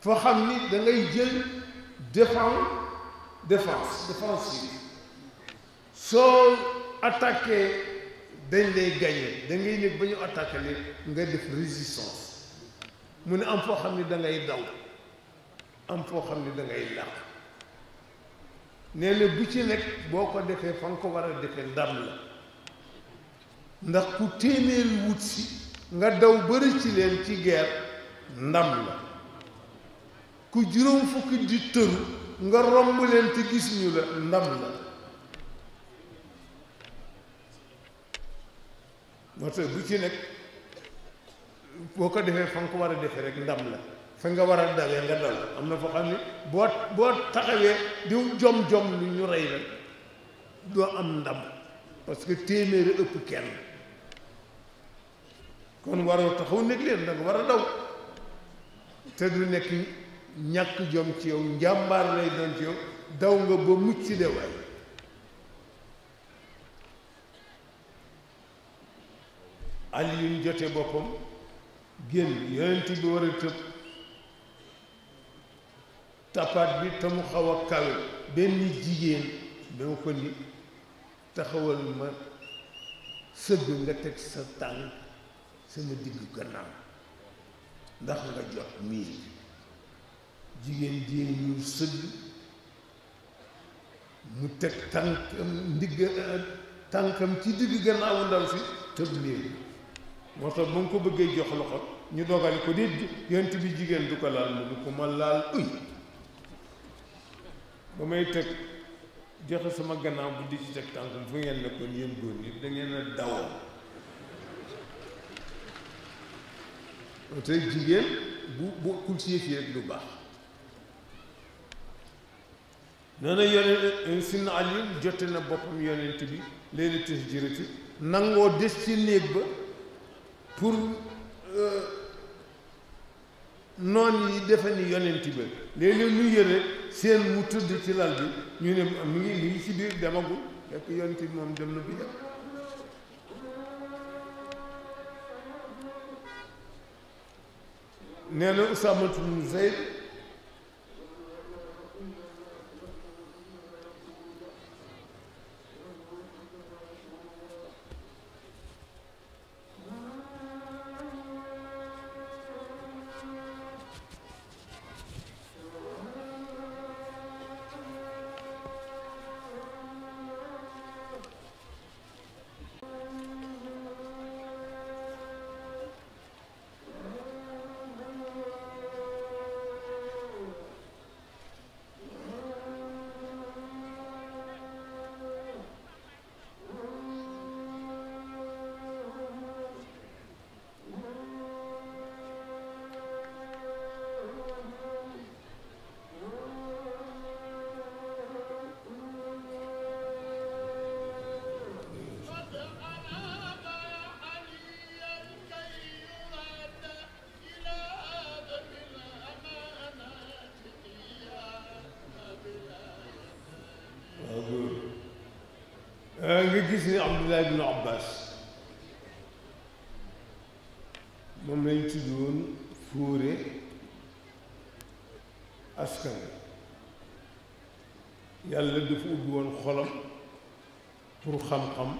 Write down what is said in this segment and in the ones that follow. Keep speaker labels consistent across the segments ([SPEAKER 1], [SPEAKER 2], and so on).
[SPEAKER 1] foo xam ni dangay ngay jël défense défense défense yi soo attaqué dañ lay gagné da ngay nekk ba ñu attaqué ni nga def résistance mu ne am foo xam ni da ngay daw am foo xam ni dangay ngay làq bu ci nekk boo ko defee fa nga ko war a defee ndam la ndax ku téeméer wut si nga daw bëri ci leen ci guerre ndam la ku juróom fukki di tëru nga romb leen te gis ñu la ndam la moo tax bu ci nekk boo ko defee fa nga ko war a defee rek ndam la fa nga war a dawee nga daw am na foo xam ne boo boo taxawee di jom-jom lu ñu rey la doo am ndam parce que téeméeri ëpp kenn kon waroo taxaw nekk leen da war a daw te du nekk ñàkk jom ci yow njàmbaar lay doon ci yow daw nga ba mucc de waay Aliyun jote boppam génn yonent bi war a tëb tapaat bi te mu xaw a kawe benn jigéen dama ko ni taxawal ma sëgg nga teg sa tànk sama diggu gannaaw ndax nga jot miir jigéen ji ñu sëgg mu teg tànkam ndigg tànkam ci digg gannaawu ndaw si tëb léegi moo tax ba mu ko bëggee jox loxo ñu dogal ko di yent bi jigéen du ko laal mu du ko ma laal uy ba may teg joxe sama gannaaw bu di ci teg tànkam fu ngeen ne kon yéen góor ñi da ngeen a dawoo moo tax jigéen bu bu kul si yëf rek du baax nee na yonent eh, sin ali jote na boppam yonent bi léegi tis jiriti nangoo des ci néeg ba pour euh, noon yi defe ni yonent ba léeg-léeg ñu seen mu tëdd ci lal bi ñu ne mu ngi mu ngi ci biir demagul fekk yonent bi moom dem na bi jàpp nee na Usaama ibn nga gis ni Abdullah ibn Abbas moom lañ tuddoon fuure askan yàlla dafa ubbi woon xolam pour xam-xam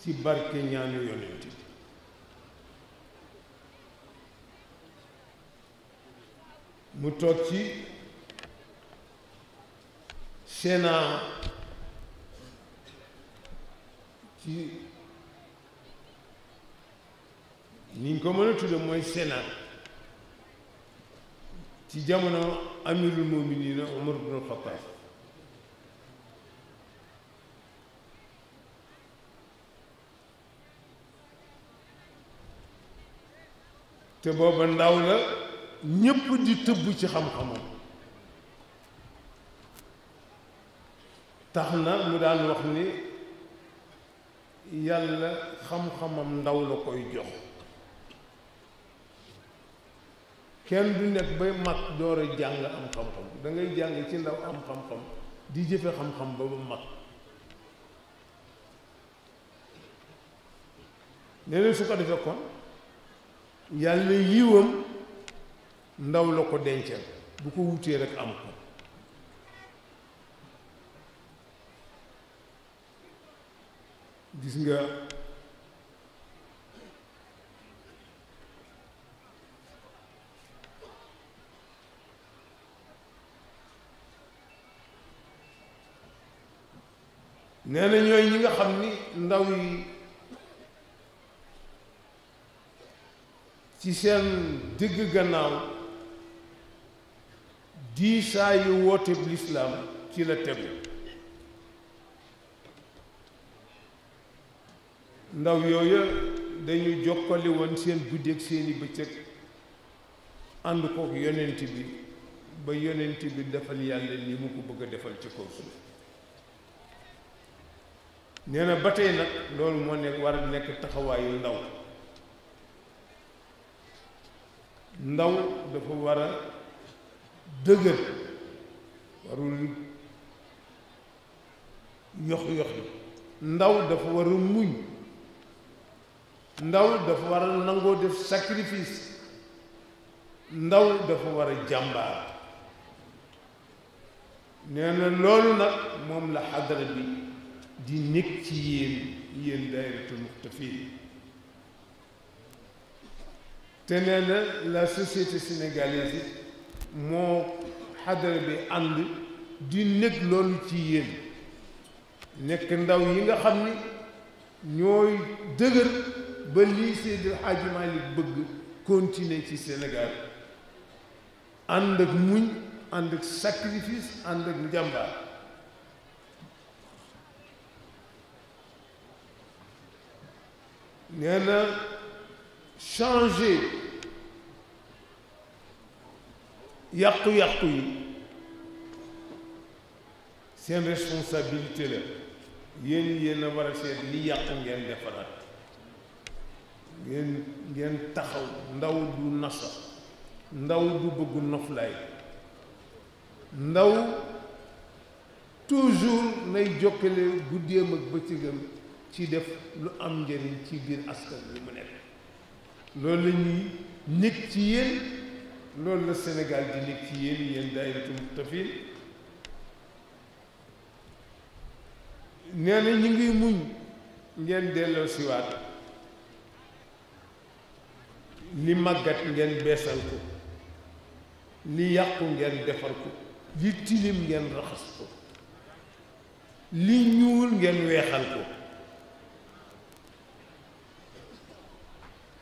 [SPEAKER 1] ci barke ñaanu yonent mu toog ci sénat ci ni ñu ko mën a tudde mooy Sénat ci jamono amirul muminina Umar bnu Xattaab te booba ndaw la ñépp di tëbb ci xam-xamam tax na mu daan wax ni yàlla xam-xamam ndaw la koy jox kenn du nekk bay mag door a jàng am xam-xam da ngay jàng ci ndaw am xam-xam di jëfe xam-xam ba ba mag leneen su ko defee kon yàlla yiwam ndaw la ko dencal bu ko wutee rek am ko gis nga nee na ñooy ñi nga xam ni ndaw yi ci seen digg gannaaw diisaayu woote lislaam ci la tegu ndaw yooyu dañu jokkale woon seen guddi ak seeni bëccëg ànd kook yonent bi ba yonent bi defal yàlla ni mu ko bëgg a defal ci kaw suuf nee na ba tey nag loolu moo nekk war a nekk taxawaayu ndaw ndaw dafa war a dëgër warul yox yox ndaw dafa war a muñ ndaw dafa war a nangoo def sacrifice ndaw dafa war a jàmbaar nee na loolu nag moom la xadara bi di nekk ci yéen yéen daayiratul muxtafin te nee na la société sénégalaise moo xadara bi ànd di nekk loolu ci yéen nekk ndaw yi nga xam ni ñooy dëgër ba lii Seydil Hadji Malick bëgg continuer ci Sénégal ànd ak muñ ànd ak sacrifice ànd ak njàmbaar nee changer yàqu-yàqu yi seen responsabilité la yéen yéen a war a seet li yàqu ngeen defaraat ngeen ngeen taxaw ndaw du nasa ndaw du bëgg noflaay ndaw toujours nay jokkale guddeem ak bëccëgam ci def lu am njëriñ ci biir askan bi mu nekk loolu la ñuy ci yéen loolu la Sénégal di nekk ci yéen yéen daayiratu Muqtafin nee na ñu ngi muñ ngeen delloo siwaat li màggat ngeen beesal ko li yàqu ngeen defar ko li tilim ngeen raxas ko li ñuul ngeen weexal ko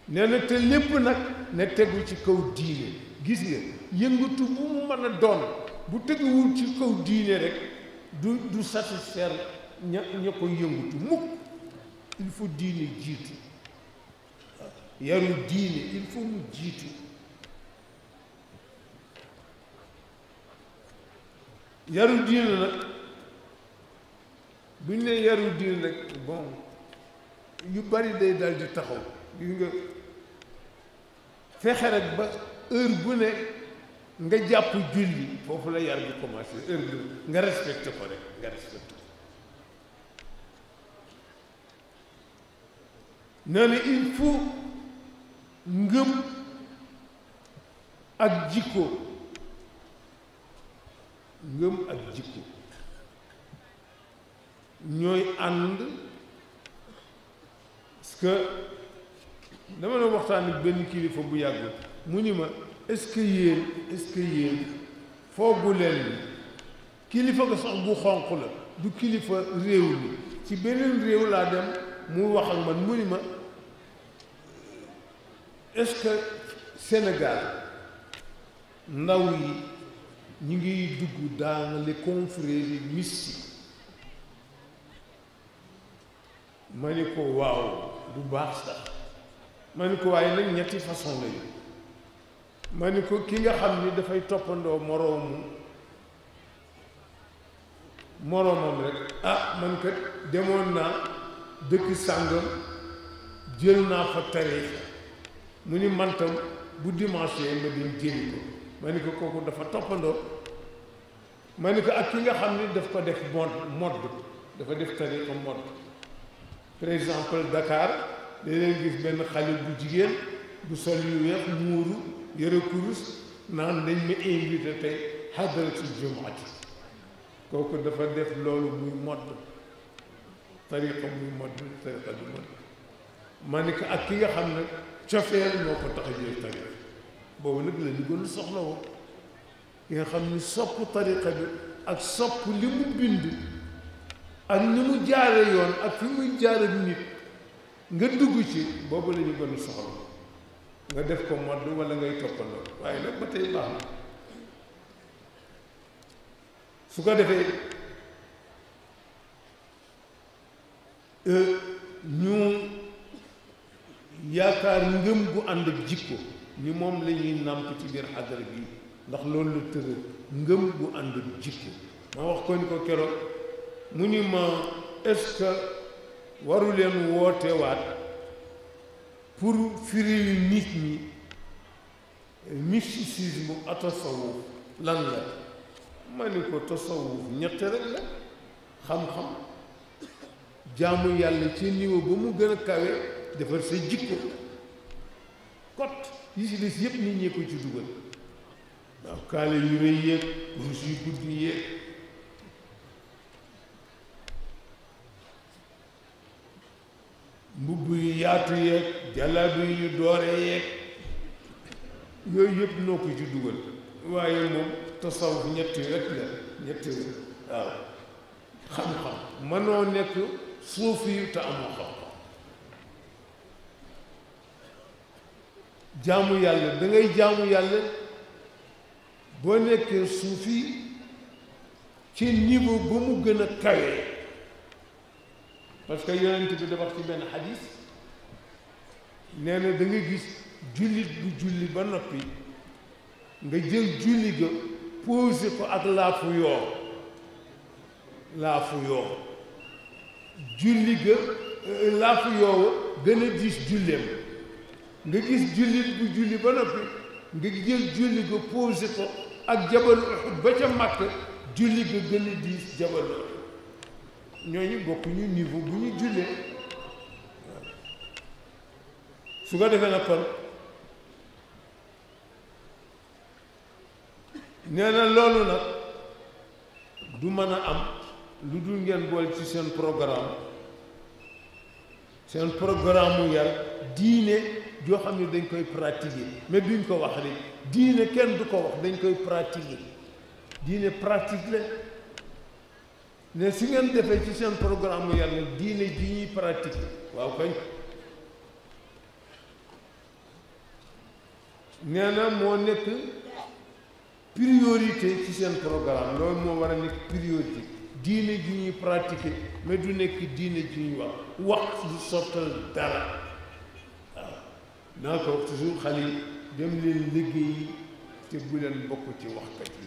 [SPEAKER 1] nee na te lépp nag na tegu ci kaw diine gis nga yëngutu bu mu mën a doon bu teguwul ci kow diine rek du du satisfaire ña ña ko yëngatu mukk il faut diine jiitu yaru diine il mu jiiti yaru diine nag bu ñu nee yaru diine nag bon yu bari day dal di taxaw gis nga fexe rek ba heure bu ne nga jàpp julli foofu la yar bi commencé heure bu nga respecté ko rek nga respecté ko nee il faut ngëm ak jikko ngëm ak jikko ñooy ànd parce que dama doon waxtaan ak benn kilifa bu yàggul mu ni ma est-ce que kilifa nga sax bu xonq la du kilifa réew mi ci beneen réew laa dem mu wax ak man mu ni ma est-ce que Sénégal ndaw yi ñu ngi dugg dans les confréries mystiques ma ni ko waaw du baax sax ma ne ko waaye nag ñetti façon lañu ma ni ko ki nga xam ni dafay toppandoo moroomu moroomam rek ah man kat demoon naa dëkk sàngam jël naa fa tariixa mu ni mantam bu dimanche ma dem jëli ko ni ko kooku dafa toppandoo ma ni ko ak ki nga xam ne daf ko def mod modd dafa def tariqa modd par exemple Dakar léeg-léeg gis benn xale bu jigéen bu sol yu weex muuru yëre kurus naan dañ ma invité tey hadratul jumaati kooku dafa def loolu muy modd tariqa muy modd tariqa du modd ma ni ko ak ki nga xam ne cofeel moo ko tax a jël boobu nag la ñu gën a nga xam ni sopp tariqa bi ak sopp li mu bind ak ni mu jaare yoon ak fi muy jaare nit nga dugg ci boobu la ñu gën nga def ko modd wala ngay toppandoo waaye nag ba tey baax na su ko defee euh, ñu yaakaar ngëm bu ànd ak jikko ni moom la ñuy nàmp ci biir xadara bi ndax loolu la ngëm gu ànd ak jikko ma wax ko ni ko keroog mu ni ma est-ce que waru leen wootewaat pour firil nit ñi mysticisme ak lan la ma ni ko tasawuf ñett rek la xam-xam jaamu yàlla ci niveau ba mu gën a kawe defar sa jikko kot yi si des yëpp nit ñee ko ci dugal waaw kaale yu rëy yéeg kurus yu gudd yéeg mbubb yu yaatu yeeg jàllabi yu doore yeeg yooyu yëpp noo ko ci dugal waaye moom tasawuf ñetti rek la ñetti rek waaw xam-xam mënoo nekk suufi yu te amoo xam jaamu yàlla dangay ngay jaamu yàlla boo nekkee suufi ci niveau ba mu gën a kawee parce que yonent bi da ci benn xadis nee na gis jullit bu julli ba noppi nga jël julli ga posé ko ak laafu yoo laafu yoo julli ga laafu yoo gën a diis julleem nga gis jullit bu julli ba noppi nga jël julli ga posé ko ak jabalu Uhud ba ca màkk julli ga gën a diis jabalu Uhud ñooñu bokkuñu niveau bu ñu jullee su ko defee na kon nee na loolu nag du mën a am lu dul ngeen boole ci seen programme seen programme mu yar diine joo xam ne dañ koy pratiquer mais duñ ko wax rek diine kenn du ko wax dañ koy pratiquer diine pratique la ne si ngeen defee ci seen programme yàlla diine ji ñuy pratiquer waaw kañ nee na moo nekk priorité ci seen programme nekk priorité diine ji ñuy pratiquer mais du nekk diine ji ñuy wax wax sottal dara naa ko wax toujours xale yi dem leen liggéeyi te bu leen bokk ci waxkat yi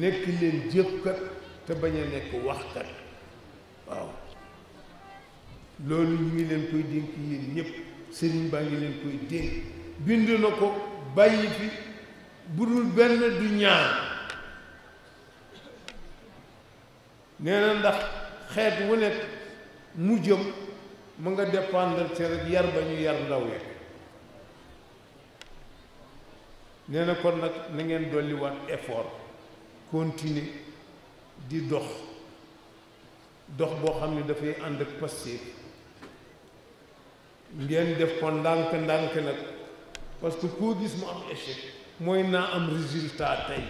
[SPEAKER 1] nekk leen jëfkat te bañ a nekk waxkat waaw loolu ñu ngi leen koy dénk yéen ñëpp sëriñ baa ngi leen koy dénk bind na ko bàyyi fi bu dul benn du ñaar nee ndax xeet wu nekk mu jëm mu nga dépendre ci rek yar ba ñu yar ndaw ya nee na kon nag na ngeen dolliwaat effort continuer di dox dox boo xam ne dafay ànd ak pastéef ngeen def ko ndànk ndànk nag parce que koo gis mu am échec mooy naa am résultat tey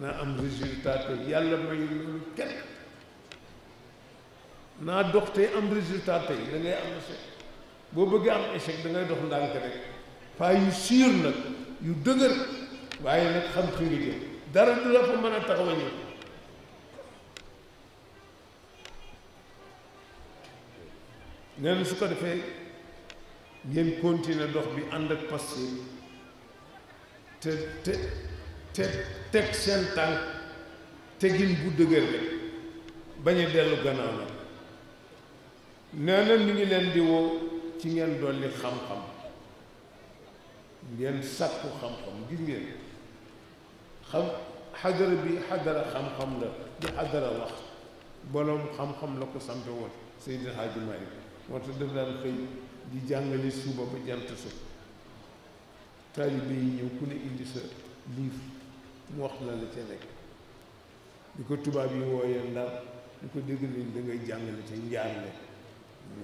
[SPEAKER 1] naa am résultat tey yàlla may loolu kenn naa dox tey am résultat tey da ngay am échec boo bëggee am échec da ngay dox ndànk rek pas yu sûr nag yu dëgër waaye nag xam fi nga dara du la fa mën a taxaw a ñëw nee su ko defee ngeen continuer dox bi ànd ak passé te te te teg seen tànk tegin bu dëgër rek bañ a dellu gannaaw nag nee na ngi leen di woo ci ngeen dolli xam-xam ngeen sàkku xam-xam gis ngeen xam xadara bi xadara xam-xam la di xadara wax boroom xam-xam la ko sampe woon Seydil Hadji Malick moo tax daf daan xëy di jàngale suba ba jant su taalibe yi ñëw ku ne indi sa liif mu wax la la ca nekk di ko tubaab yi wooyee ndar di ko dégg nii da ngay jàngale ca njaar la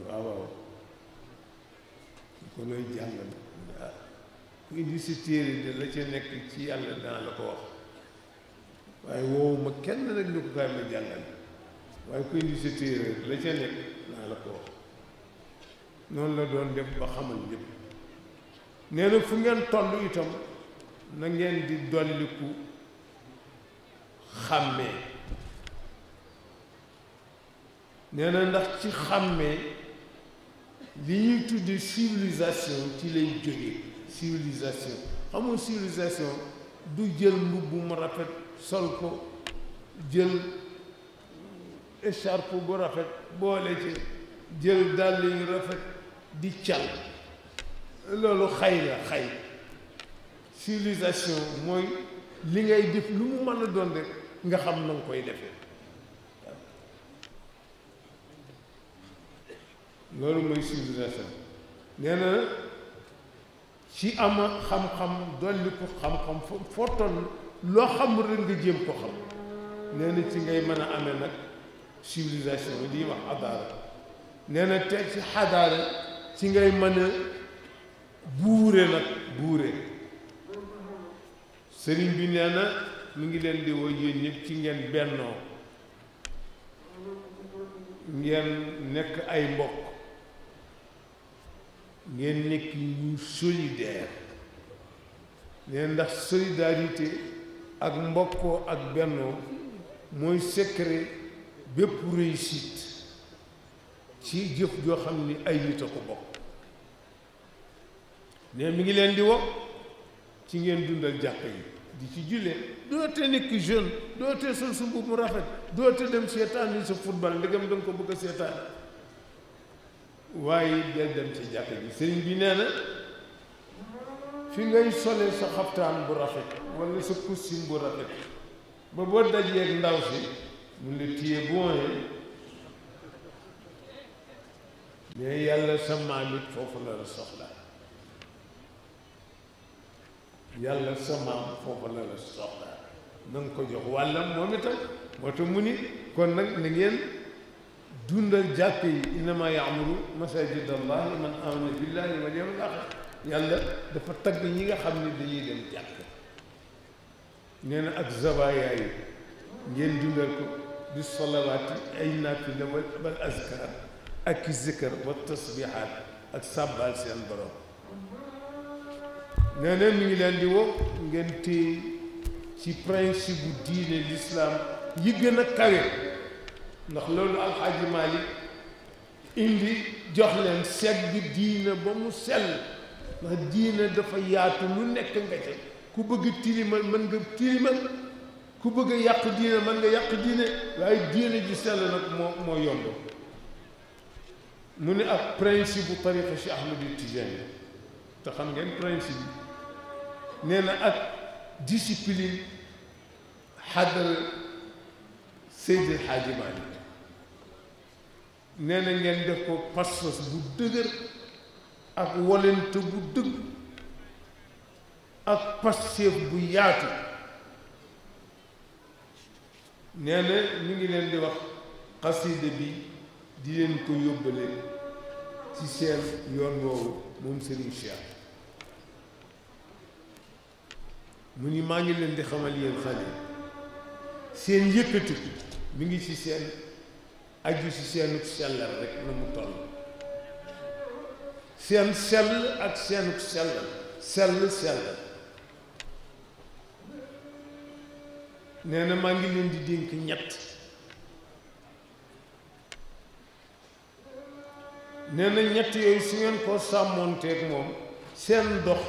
[SPEAKER 1] waaw waaw di ko looy jàngale ku indi si téere de la ca nekk ci yàlla dana la ko wax waaye woowu kenn nag ni ko kaay ma jàngal waaye ku indi si téere la ca nekk naa la ko wax noonu la doon def ba xamal ñëpp nee na fu ngeen toll itam na ngeen di dolliku xàmmee nee ndax ci xàmmee li ñuy tudde civilisation ci lay jógee civilisation xamul civilisation du jël mbubb mu rafet sol ko jël écharpe bu rafet boole ci jël dàll yu rafet di cal loolu xay la xay civilisation mooy li ngay def lu mu mën a doon rek nga xam na nga koy defe loolu mooy civilisation nee ci am xam-xam dolli ko xam-xam foo toll loo xamul rek nga jéem ko xam nee na ci ngay mën a ame nag civilisation li ñuy wax xadaara nee na te ci xadaara ci ngay mëna a buure nag buure sëriñ bi nee na mu ngi leen di woo yéen ñëpp ci ngeen bennoo ngeen nekk ay mbokk ngeen nekk ñu solidaire leen ndax solidarité ak mbokkoo ak bennoo mooy secret bépp réussite ci jëf joo xam ni ay nit a ko bokk ne mi ngi leen di wax ci ngeen dundal jàkka yi di ci jullee doote nekk jeune doote sol su mbubb mu rafet doote dem seetaan ni sa football ndegam danga ko bëgg a seetaan waaye del dem ci jàkk ji sëriñ bi nee na fi ngay solee sa xaftaan bu rafet wala sa costume bu rafet ba boo dajee ndaw si mu la téye bu wone mais yàlla sa maam it foofu la la soxla yàlla sa maam foofu la la soxla na ko jox wàllam moom itam moo tax mu ni kon nag na dundal jàkk yi innama yaamuru masajid allah man amana billahi wal yawmil axir yàlla dafa tagg ñi nga xam ne dañuy dem jàkk nee na ak zabaya ngeen dundal ko di salawaat yi ay naafila wal azkar ak zikar wa tasbihaat ak sàbbaal seen borom nee na mi ngi leen di woo ngeen téye ci principe bu diine l'islam yi gën a kawe ndax loolu alxaaji Malick indi jox leen segg diina ba mu sell ndax diina dafa yaatu lu nekk nga ca ku bëgg tilimal mën nga tilimal ku bëgg yàq diina mën nga yàq diine waaye diina ji sell nag moo moo yomb mu ne ak principe bu tariqa Cheikh Ahmadou Tidiane te xam ngeen principe bi nee na ak discipline xadal Seydi Hadji Malick neena ngeen def ko pas bu dëgër ak wolente bu dëgg ak passeef bu yaatu nee na ñu ngi leen di wax xasida bi di leen ko yóbbale ci seen yoon woowu moom Serigne Cheikh mu ni maa ngi leen di xamal yéen xale seen yëkkati mi ngi ci seen aju si seenug sellal rek na mu toll seen sell ak seenug sellal sell sellal nee na maa ngi leen di dénk ñett nee na ñett yooyu su ngeen ko sàmmoonteeg moom seen dox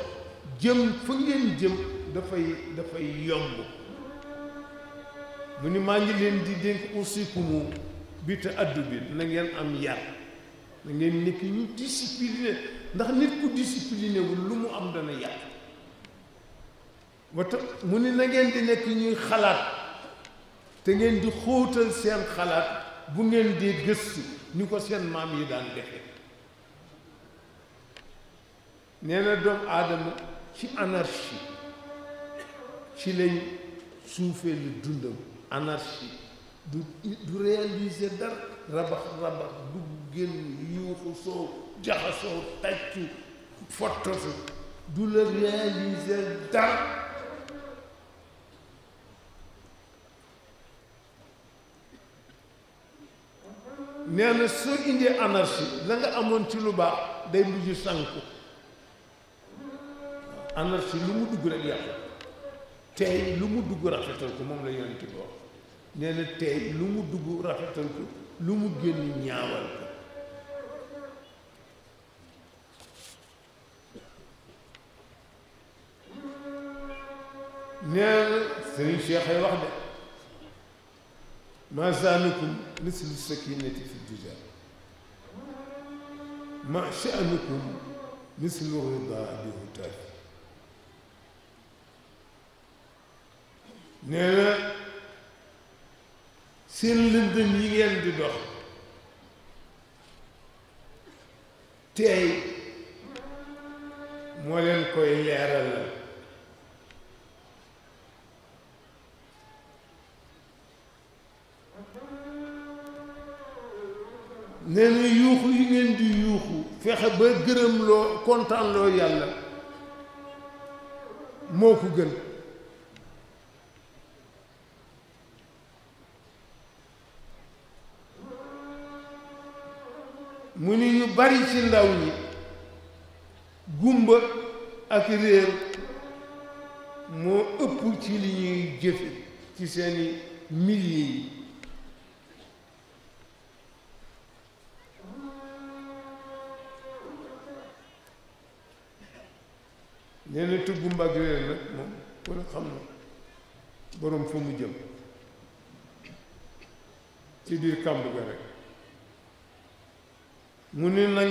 [SPEAKER 1] jëm fa ngeen jëm dafay dafay yomb bu ni maa ngi leen di dénk aussi ku bi te addu bi na ngeen am yar na ngeen nekk ñu discipliné ndax nit ku discipliné lu mu am dana yàq wata mu ni na di nekk ñuy xalaat te ngeen di xóotal seen xalaat bu ngeen dee gëstu ñu ko seen maam yi daan defe nee na doomu aadama ci anarchie ci lañ suufee lu dundam anarchie du du réaliser dara rabax rabax dugg génn yuuxu soow jaxasoo tàccu fottatu du la réaliser dara nee soo indee anarchie la nga amoon ci lu baax day mujj sànku anarchie lu mu dugg rek yàlla tey lu mu dugg rafetal ko moom la yonent bi wax nee tey lu mu dugg rafetal lu mu génn ñaawal ko nee na sëriñ Cheikh ay wax de ma saanukum mislu sakinati fi dujar ma sha'nukum mislu rida bi hutafi seen lëndëm yi ngeen di dox tey moo leen koy leeral la nee yuuxu yi ngeen di yuuxu fexe ba gërëm loo kontaan loo yàlla moo ko gën mu ni ñu bari ci ndaw ñi gumba ak réer moo ëpp ci li ñuy jëfe ci seeni milliers yi nee na gumba ak réer nag moom ku ne xam na boroom fa mu jëm ci biir kàmb ga rek mu ni na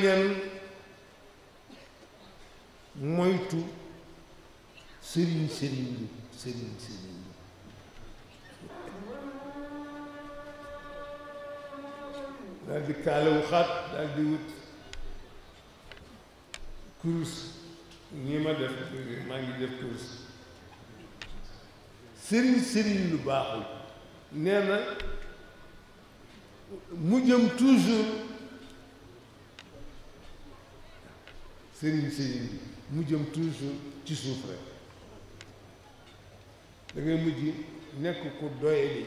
[SPEAKER 1] moytu sëriñ sëriñ bi sëriñ sëriñ bi daal di kaalawu xaat daal di wut kurus ñi ma def maa ngi def kurus sëriñ sëriñ lu baaxul nee na mu jëm toujours sëriñ jëm toujours ci suuf rek mujj nekk ku doye bi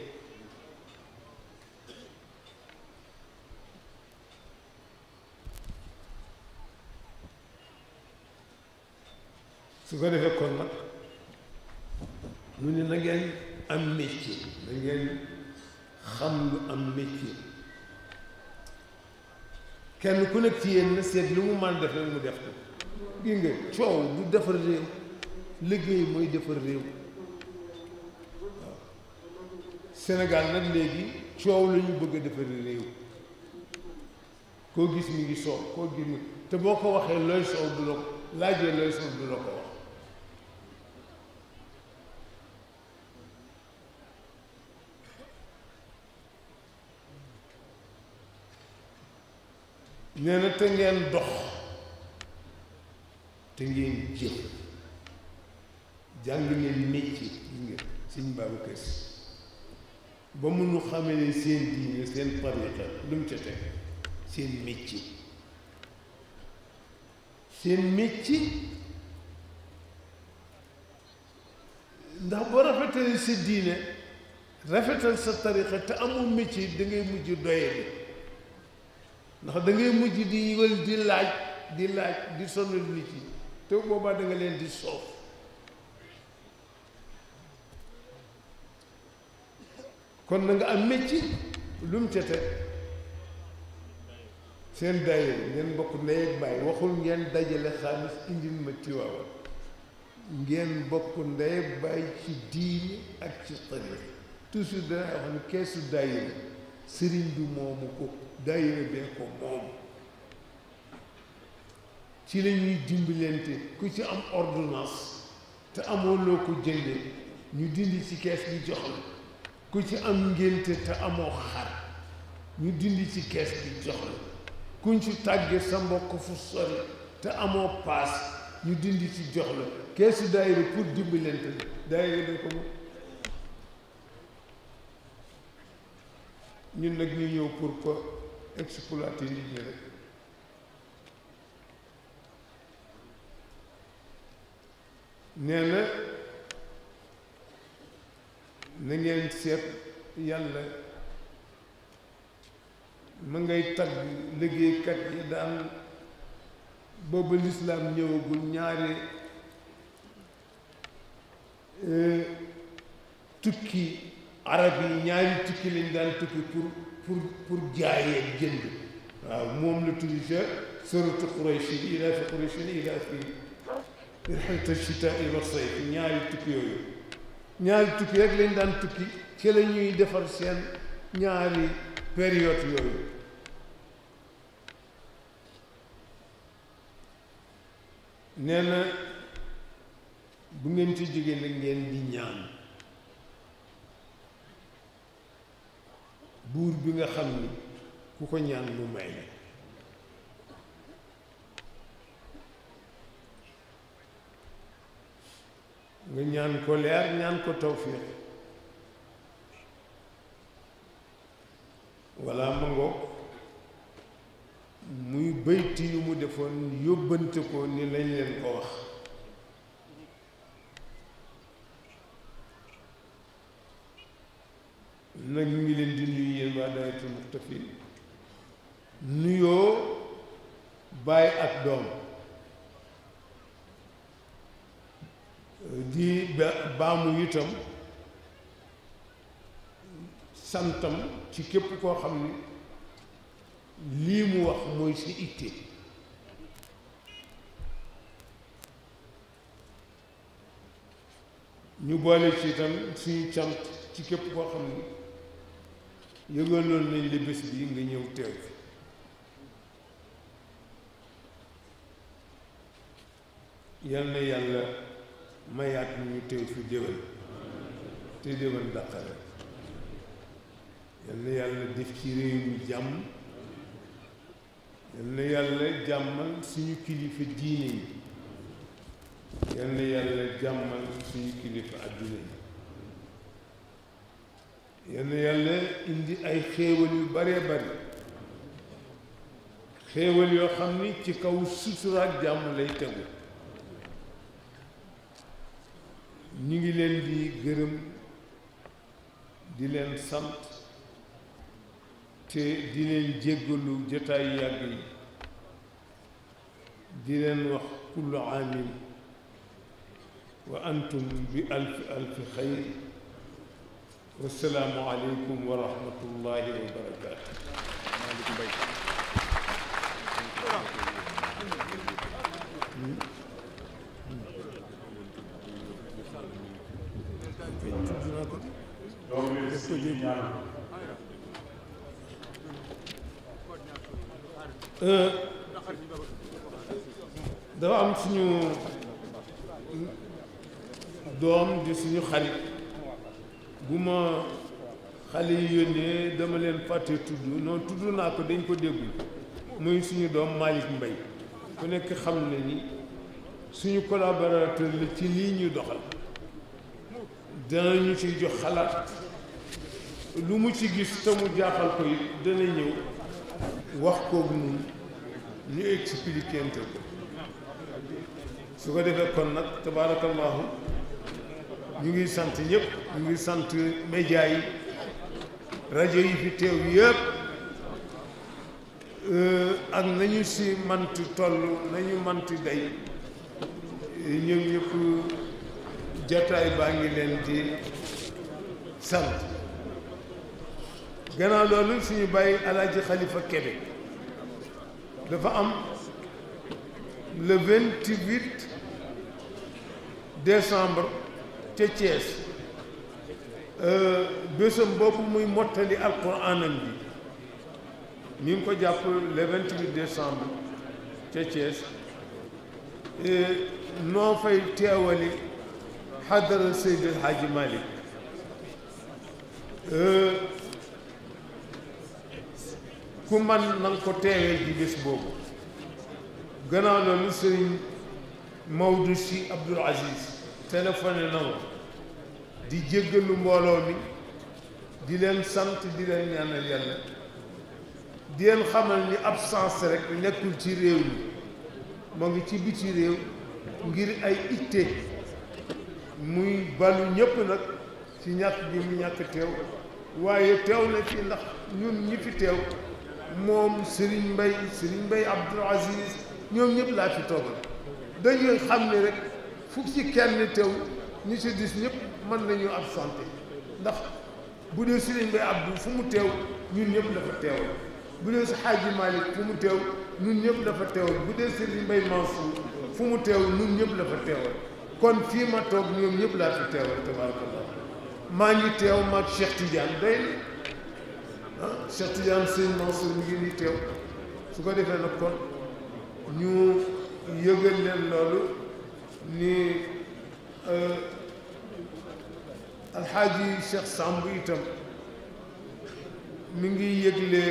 [SPEAKER 1] su ko defee kon nag mu ne na am métier na xam lu am métier kenn ku nekk ci yéen na seet lu mu mën def rek mu def ko gi nga coow du defar réew liggéey mooy defar réew waaw nag léegi coow la bëgg a defar réew koo gis mi ngi soow koo gis mi te boo ko waxee looy soow du la ko wax nee na te ngeen dox te ngeen jëf jàng ngeen métier nga sëñ Babacar Si ba mënu xamee ne seen diine seen tariqa lu mu ca seen métier seen métier ndax boo rafetalee sa diine rafetal sa tariqa te amul métier da ngay mujj doye ndax da ngay mujj di wël di laaj di laaj di sonal nit te boobaa da leen di soof kon na nga am métier lu mu seen daye ngeen bokk ndey ak waxul ngeen dajale xaalis indil ma Tiwaawan ngeen bokk ndey ak ci diini ak ci tariix toujours danaa wax ne keesu sëriñ bi moomu ko daye bee ko moomu ci lañuy ñuy ku ci am ordonnance te amoo loo ko jënde ñu dindi ci kees gi jox la ku ci am ngénte te amoo xar ñu dindi ci kees gi jox la kuñ ci tàggee sa mbokk fu sori te amoo paas ñu dindi ci jox la keesu bi pour dimbalante daayira da ko moom ñun nag ñu ñëw pour ko exploiter nit ñi rek nee na na ngeen seet yàlla mu ngay tagg liggéeykat yi daan boobu lislaam ñëwagul ñaari euh, tukki arab yi ñaari tukki lañ daan tukki pour pour pour jaayee jënd waaw moom la tuddi ca suratu Quraysh ila fi Quraysh ila fi rixlata chita wa sayf ñaari tukki yooyu ñaari tukki rek lañ daan tukki ci la ñuy defar seen ñaari période yooyu nee na bu ngeen ci jógee nag ngeen di ñaan buur bi nga xam ni ku ko ñaan lu may nga ñaan ko leer ñaan ko tawfiq walla ma muy bayti yu mu defoon yóbbante ko ni lañ leen ko wax nag ñu ngi leen di nuyu yéen waa Dahiratoul Muqtafina nuyoo baay ak doom di baamu itam santam ci képp koo xam ni lii mu wax mooy si itte ñu boole ci itam suñu cant ci képp koo xam ni yëgaloon nañ la bés bi nga ñëw teew yal na yàlla mayaat ñu teew fi déwén te déwén daqare yal yàlla def ci réew mi jàmm yal yàlla jàmmal suñu kilifa diine yi yal yàlla jàmmal suñu kilifa àdduna yi yenn yàlla indi ay xéewal yu baree bari xéewal yoo xam ne ci kaw suturaat jàmm lay tegu ñu ngi leen di gërëm di leen sant te di leen jéggalu jotaayu yàgg yi di leen wax kullu aamin wa antum bi alfi alfi xayr wasalaamu aleykum wa rahmatullahi wa barakaatu. Euh, dafa am suñu doom di suñu xarit bu ma xale yi yónnee dama leen fàtte tudd noonu tudd naa ko dañ ko déggul muy suñu doom Malick mbay ku nekk xam na ni suñu collaborateur la ci lii ñu doxal danañu ci jox xalaat lu mu ci gis te mu jaaxal ko it dana ñëw wax koog ñun ñu expliquente ko su ko defee kon nag tabaarakallaahu ñu ngi sant ñëpp ñu ngi sant média yi rajo yi fi teew yëpp euh, ak nañu si mant toll nañu mant day ñoom ñëpp jataay baa ngi leen di sant gannaaw loolu suñu bàyyi alaaji xalifa Kébé dafa am le vingt-huit décembre ca Thiès euh, bésam boobu muy mottali alquranam bi ñu ngi ko jàpp le vingt-huit décembre ca Thiès noo fay teewali xadara Seydi El Hadji Malick euh, ku man na nga ko teewee ji bés boobu gannaaw loolu sëriñ Maodo Sy Abdoul Aziz téléphoné na ma di jéggalu mbooloo mi di leen sant di leen ñaanal yàlla di leen xamal ni absence rek nekkul ci réew mi moo ngi ci biti réew ngir ay itte muy balu ñëpp nag ci ñàkk bi mu ñàkk teew waaye teew na ci ndax ñun ñi fi teew moom Serigne mbay Serigne mbay Abdoul Aziz ñoom ñëpp laa fi toogal dañuy xam ne rek fukk ci kenn teew ñu ci dis ñëpp mën nañu absenté ndax bu dee Serigne Mbaye Abdou fu mu teew ñun ñëpp dafa teewal bu dee si Xaaji Malick fu mu teew ñun ñëpp dafa teewal bu dee Serigne Mbaye Mansour mu teew ñun ñëpp dafa teewal kon fii ma toog ñoom ñëpp laa fi teewal tabaarakallah maa ngi teew maag Cheikh Tidiane doy ah Cheikh Tidiane Sëñ Mansour ngi nii teew su ko defee nag kon ñu yëgal leen loolu ni euh, alxaaji Cheikh Samb itam mi ngi yëgle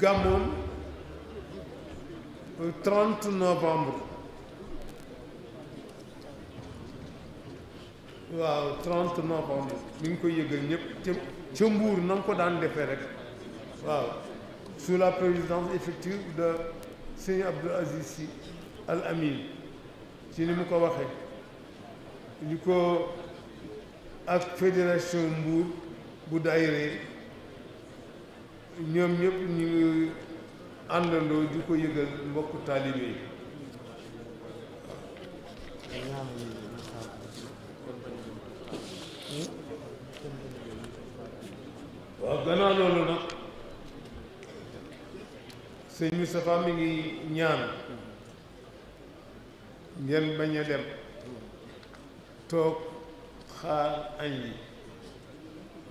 [SPEAKER 1] gàmmoom 30 euh, novembre waaw 30 novembre mi ngi koy yëgal ñëpp ca Mbour na ko daan defee rek waaw su la présidence effective de Serigne Abdou Aziz Sy Al Amin ci ni mu ko waxee di ko ak fédération Mbour bu daayira ñoom ñëpp ñu àndandoo di ko yëgal mbokku taalibe yi waaw gannaaw loolu nag sëñ Moustapha mi ngi ñaan ngeen bañ a dem toog xaar añ yi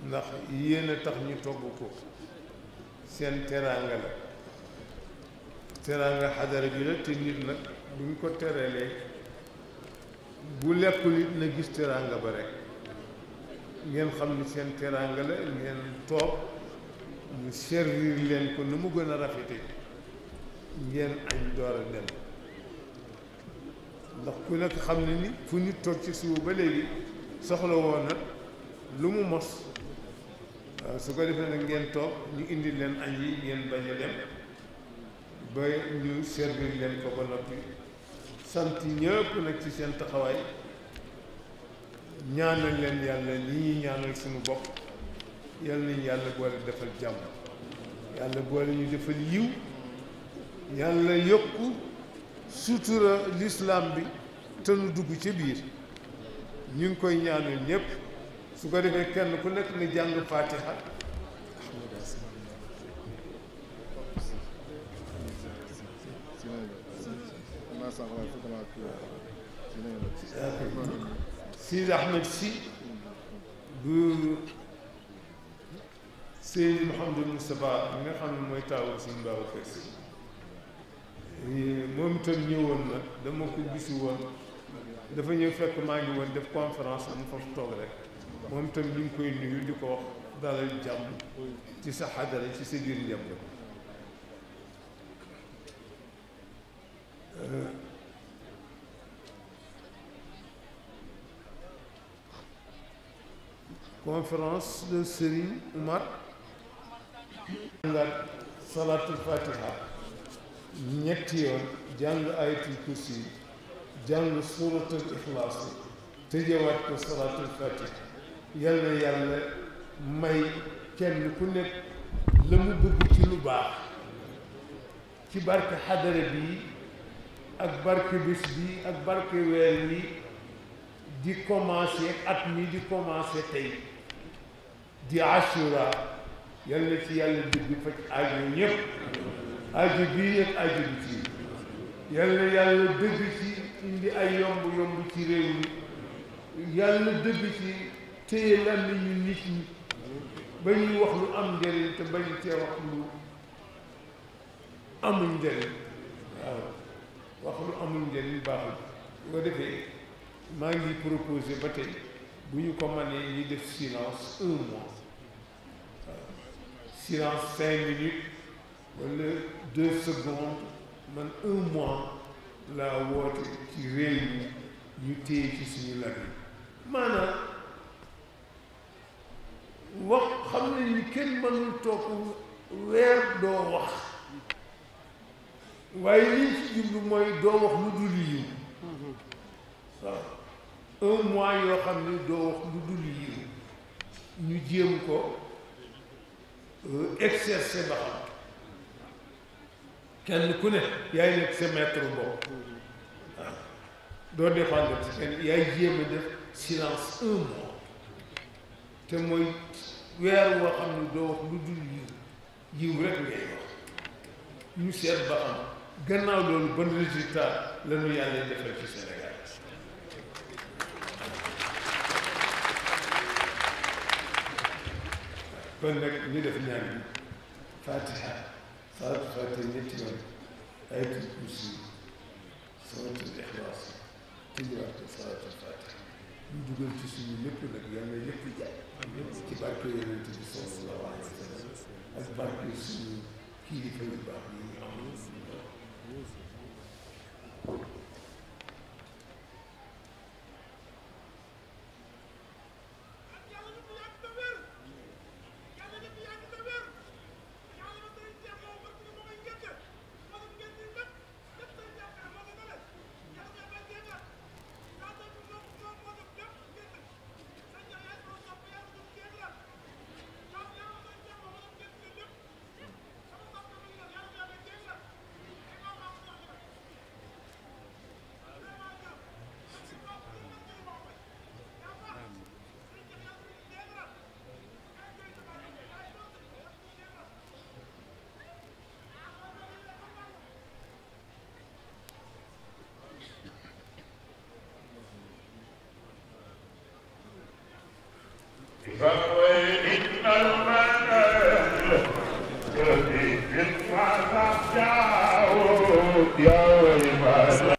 [SPEAKER 1] ndax yéen tax ñu togg ko seen teraanga la teraanga xadara bi la te nit nag buñ ko teralee bu lekkul it na gis teraanga ba rek ngeen xam ni seen teraanga la ngeen toog ñu servir leen ko nu mu gën a rafete ngeen añ door a dem ndax ku nekk xam ne ni fu ñu toog ci suuf ba léegi soxla woon na lu mu mos euh, su ko defee nag ngeen toog ñu indi leen añ yi ngeen bañ a dem ba ñu servir leen ko ba noppi sant ñëpp nag ci seen taxawaay ñaanal leen yàlla li ñuy ñaanal suñu bopp yàlla nañu yàlla boole defal jàmm yàlla boole ñu defal yiw yàlla yokk sutura lislaam bi te nu dugg ci biir ñu ngi koy ñaanal ñëpp su ko defee kenn ku nekk ni jàng faatiha Thank Sidi Ahmed Sy bu Seydi Mouhamadou Moustapha mi nga xam ne mooy taawu Sëñ Babacar Sy moom itam ñëwoon na dama ko gisu woon dafa ñëw fekk maa ngi woon def conférence am fa toog rek moom itam ñu ngi koy nuyu di ko wax dalal jàmm ci sa xadara ci sa biir njàmm conférence de Serigne Oumar jàngat salaatul fatiha ñetti yoon jàng ayatul kursi jàng suuratul ixlaas tëjewaat ko salaatul fatiha yal na yàlla may kenn ku nekk la mu bëgg ci lu baax ci barke xadara bi ak barke bis bi ak barke weer yi di commencé at mi di commencé tey di asura yal ci yàlla digg faj aajo ñëpp aajo bii ak aajo bi ci yal yàlla dëgg ci indi ay yomb yomb ci réew mi yàlla dëgg ci téye lan ñu nit ñi ba ñuy wax lu am njëriñ te bañ cee wax lu amul njëriñ waaw wax lu amul njëriñ baaxul bu ko defee maa ngi proposé ba tey bu ñu ko mënee ñu def silence un mois silence cinq minutes wala deux secondes man un mois laa woote ci réew mi ñu téye ci suñu lami maanaam wax xam ne ni kenn mënul toog weer doo wax waaye liñ ci jublu mooy doo wax lu dul yiw waaw un mois yoo xam ne doo wax lu dul yiw ñu jéem ko exercé ba xam kenn ku ne yaay nekk sa maître bopp waaw doo dépendre si kenn yaay jéem a def silence un mois te mooy weer woo xam ne doo wax lu dul yiw yiw rek ngay wax ñu seet ba xam gannaaw loolu ban résultat la ñu yàlla defal ci Sénégal kon nag ñu def ñaan bi fatiha salatu fatiha ñetti yoon ayatul kursi salatul ixlaas tijjiwaat ko salatu fatiha ñu dugal ci suñu lépp nag yal na lépp jàpp ci barke yonent bi sallallahu alayhi wa sallam ak barke suñu kilifa yu baax yi ñu am يا ولي